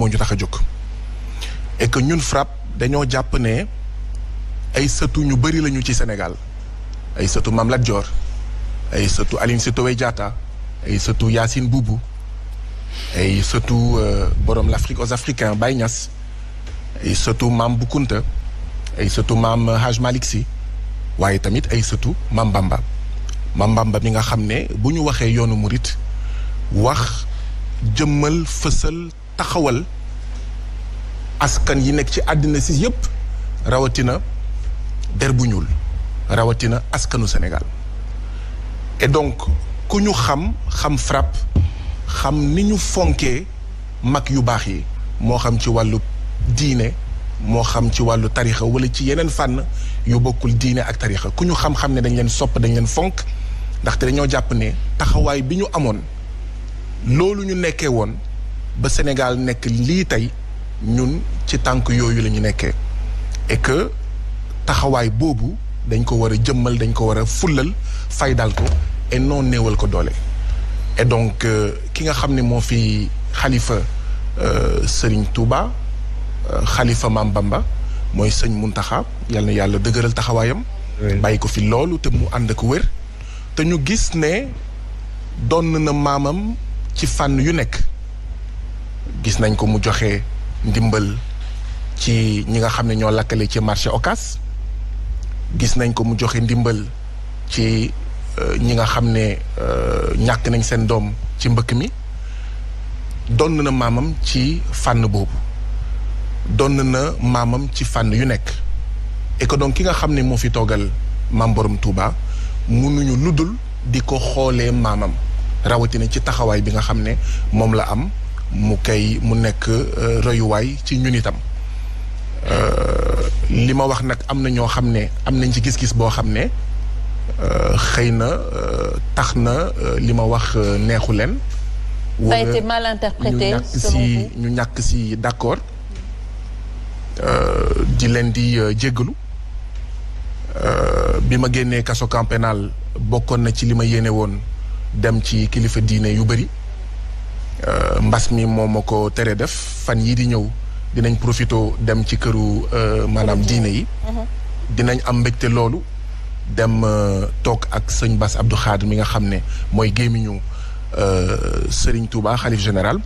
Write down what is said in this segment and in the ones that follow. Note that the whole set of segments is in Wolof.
moo ñu tax a jóg et que ñun FRAPP dañoo jàpp ne ay sëtu ñu bëri lañu ci senegal ay sëtu Mame Lat Dior ay sëtu alin Sitoé Diatta ay sëtu Yacine Boubou ay sëtu euh, borom l'Afrique aux Africains Baye Niass ay sëtu Mame Boukounta ay sëtu Mame Hadj Malick Sy waaye tamit ay sëtu Mame Bamba Mame Bamba mi nga xam ne bu ñu waxee yoonu murit wax jëmmal fësal taxawal askan yi nekk ci àddina si yëpp rawatina der bu ñuul rawatina askanu senegal et donc ku ñu xam xam FRAPP xam ni ñu fonkee mag yu baax yi moo xam ci wàllu diine moo xam ci wàllu tarixa wala ci yeneen fànn yu bokkul diine ak tarixa ku ñu xam-xam ne dañ leen sopp dañ leen fonk ndaxte dañoo jàpp ne taxawaay bi ñu amoon loolu ñu nekkee woon ba Sénégal nekk lii tey ñun ci tànk yooyu la ñu nekkee et taxawaay boobu dañ ko war a jëmmal dañ ko war a fullal faydal ko et non ko doole. et donc euh, ki nga xam ne moo fi xalifa euh, Serigne Touba euh, xalifa Maam mooy sëñ Muntaxa yal na yàlla dëgëral taxawaayam. bàyyi ko fi loolu te mu ànd ak wér. te ñu gis ne doon na maamam ci fànn yu nekk. gis nañ ko mu joxe ndimbal ci ñi nga xam ne ñoo lakkale ci marché Ocass gis nañ ko mu joxe ndimbal ci euh, ñi nga xam ne euh, ñàkk nañ seen doom ci mbëkk mi donn na maamam ci fànn boobu donn na maamam ci fànn yu nekk et que ki nga xam ne moo fi toogal maam borom Touba mënuñu ludul di ko xoolee maamam rawatina ci taxawaay bi nga xam ne moom la am mu kay mu nekk euh, royuwaay ci ñun itam euh, li ma wax nag am na ñoo xam ne am nañ ci gis-gis boo xam ne euh, xëy na tax na li ma wax neexu leen. ça ñu ñàkk si ñu ñàkk si di leen di jéggalu bi ma génnee kaso camp bokkoon na ci li ma yéene woon dem ci kilifa diine yu bëri. Euh, mbas mi moom ma ko tere def fan yii di ñëw dinañ profité dem ci këru euh, maanaam diine yi. Mhm. dinañ am mbégte loolu dem euh, toog ak sëñ bas Abdou Khadre mi nga xam ne mooy gémmiñu Serigne Touba xalif général.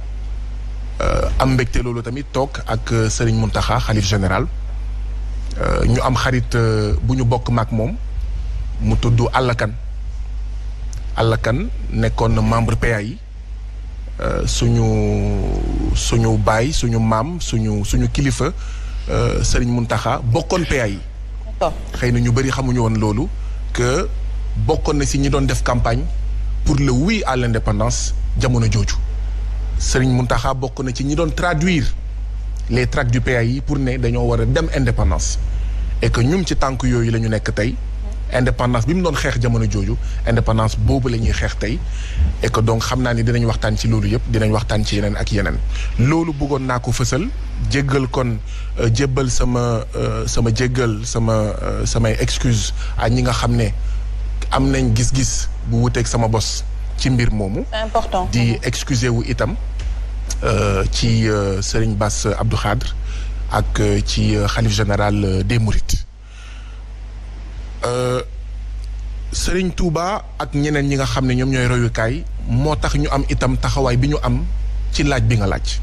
am mbégte loolu tamit toog ak Serigne Mountakha xalif général ñu am xarit bu ñu bokk maak moom mu tudd Alla Kane Alla Kane nekkoon membre PA yi. Euh, suñu suñu baay suñu maam suñu suñu kilifa euh, sëriñ Muntaxa bokkoon PA yi. xëy na ñu bëri xamuñu woon loolu que bokkoon na si ñi doon def campagne pour le oui à l'indépendance jamono jooju. sëriñ Muntaxa bokk na ci ñi doon traduire les tracts du PA yi pour ne dañoo war a dem indépendance et que ñun ci tànk yooyu lañu nekk tey. indépendance bi mu doon xeex jamono jooju indépendance boobu la ñuy xeex tey et que donc xam naa ni dinañ waxtaan ci loolu yëpp dinañ waxtaan ci yeneen ak yeneen loolu bëggoon naa ko fësal jéggal kon euh, jébbal sama euh, sama jéggal sama euh, samay excuse à ñi nga xam ne am nañ gis-gis bu wuteeg sama bos ci mbir moomu important di excuse wu itam ci Serigne Bass Abdou ak ci xalif général des Mourides Serigne Touba ak ñeneen ñi nga xam ne ñoom ñooy royukaay moo tax ñu am itam taxawaay bi ñu am ci laaj bi nga laaj.